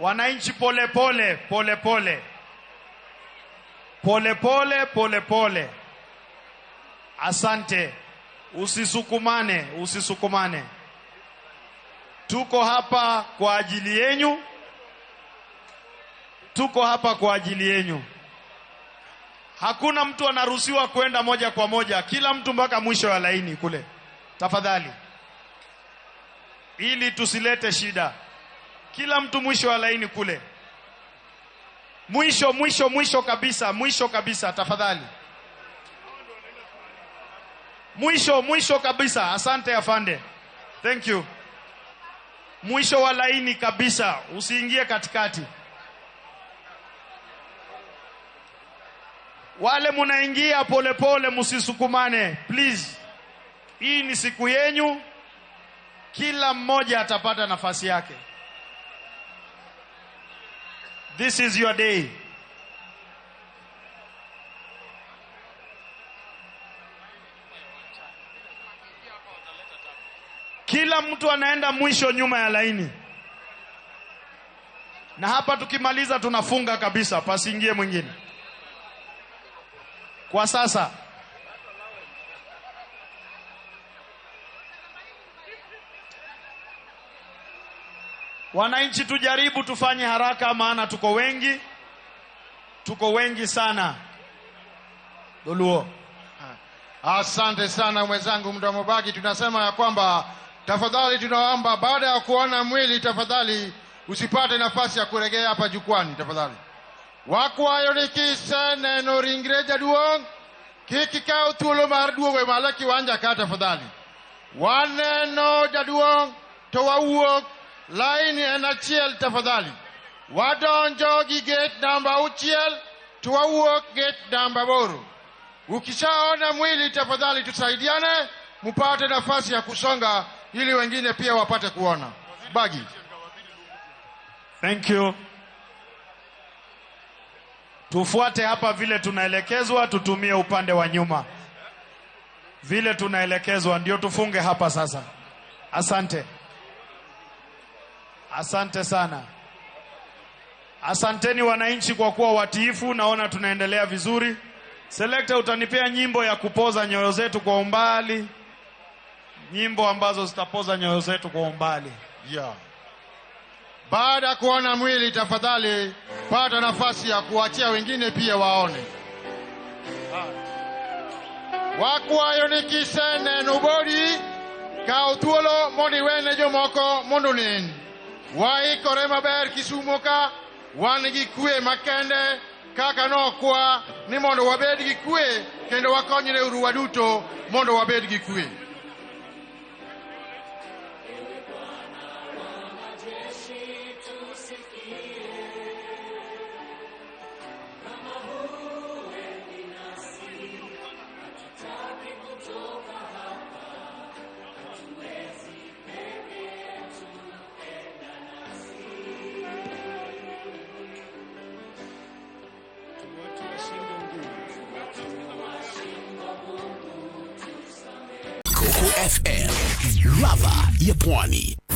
wananchi polepole polepole polepole polepole. Asante, usisukumane, usisukumane. Tuko hapa kwa ajili yenu, tuko hapa kwa ajili yenu. Hakuna mtu anaruhusiwa kwenda moja kwa moja, kila mtu mpaka mwisho wa laini kule, tafadhali, ili tusilete shida kila mtu mwisho wa laini kule, mwisho mwisho mwisho kabisa, mwisho kabisa, tafadhali, mwisho mwisho kabisa. Asante afande, thank you. Mwisho wa laini kabisa, usiingie katikati. Wale munaingia polepole, msisukumane please. Hii ni siku yenyu, kila mmoja atapata nafasi yake. This is your day. Kila mtu anaenda mwisho nyuma ya laini, na hapa tukimaliza tunafunga kabisa, pasiingie mwingine kwa sasa. Wananchi, tujaribu tufanye haraka, maana tuko wengi, tuko wengi sana. Doluo, asante sana mwenzangu muda mubaki. Tunasema ya kwamba tafadhali, tunaomba baada ya kuona mwili, tafadhali usipate nafasi ya kuregea hapa jukwani. Tafadhali wakwayonikise neno ringre jaduong' kik thuolo mar duogo malo kiwanja ka tafadhali waneno jaduong' to wawuok laini en achiel tafadhali wadonjo gi gate namba auchiel tuwawuok gate namba boro ukishaona mwili tafadhali tusaidiane mupate nafasi ya kusonga ili wengine pia wapate kuona bagi thank you tufuate hapa vile tunaelekezwa tutumie upande wa nyuma vile tunaelekezwa ndio tufunge hapa sasa asante Asante sana. Asanteni wananchi kwa kuwa watiifu, naona tunaendelea vizuri. Selekta, utanipea nyimbo ya kupoza nyoyo zetu kwa umbali, nyimbo ambazo zitapoza nyoyo zetu kwa umbali yeah. Baada ya kuona mwili, tafadhali pata nafasi ya kuachia wengine pia waone. Wakwayo nikise nubodi bori kao jomoko mundu nini waikore maber kisumo ka wan gi kwe makende kaka nokwa ni mondo wabed gi kwe kendo wakonyre uru waduto mondo wabed gi kwe Coco FM, ladha ya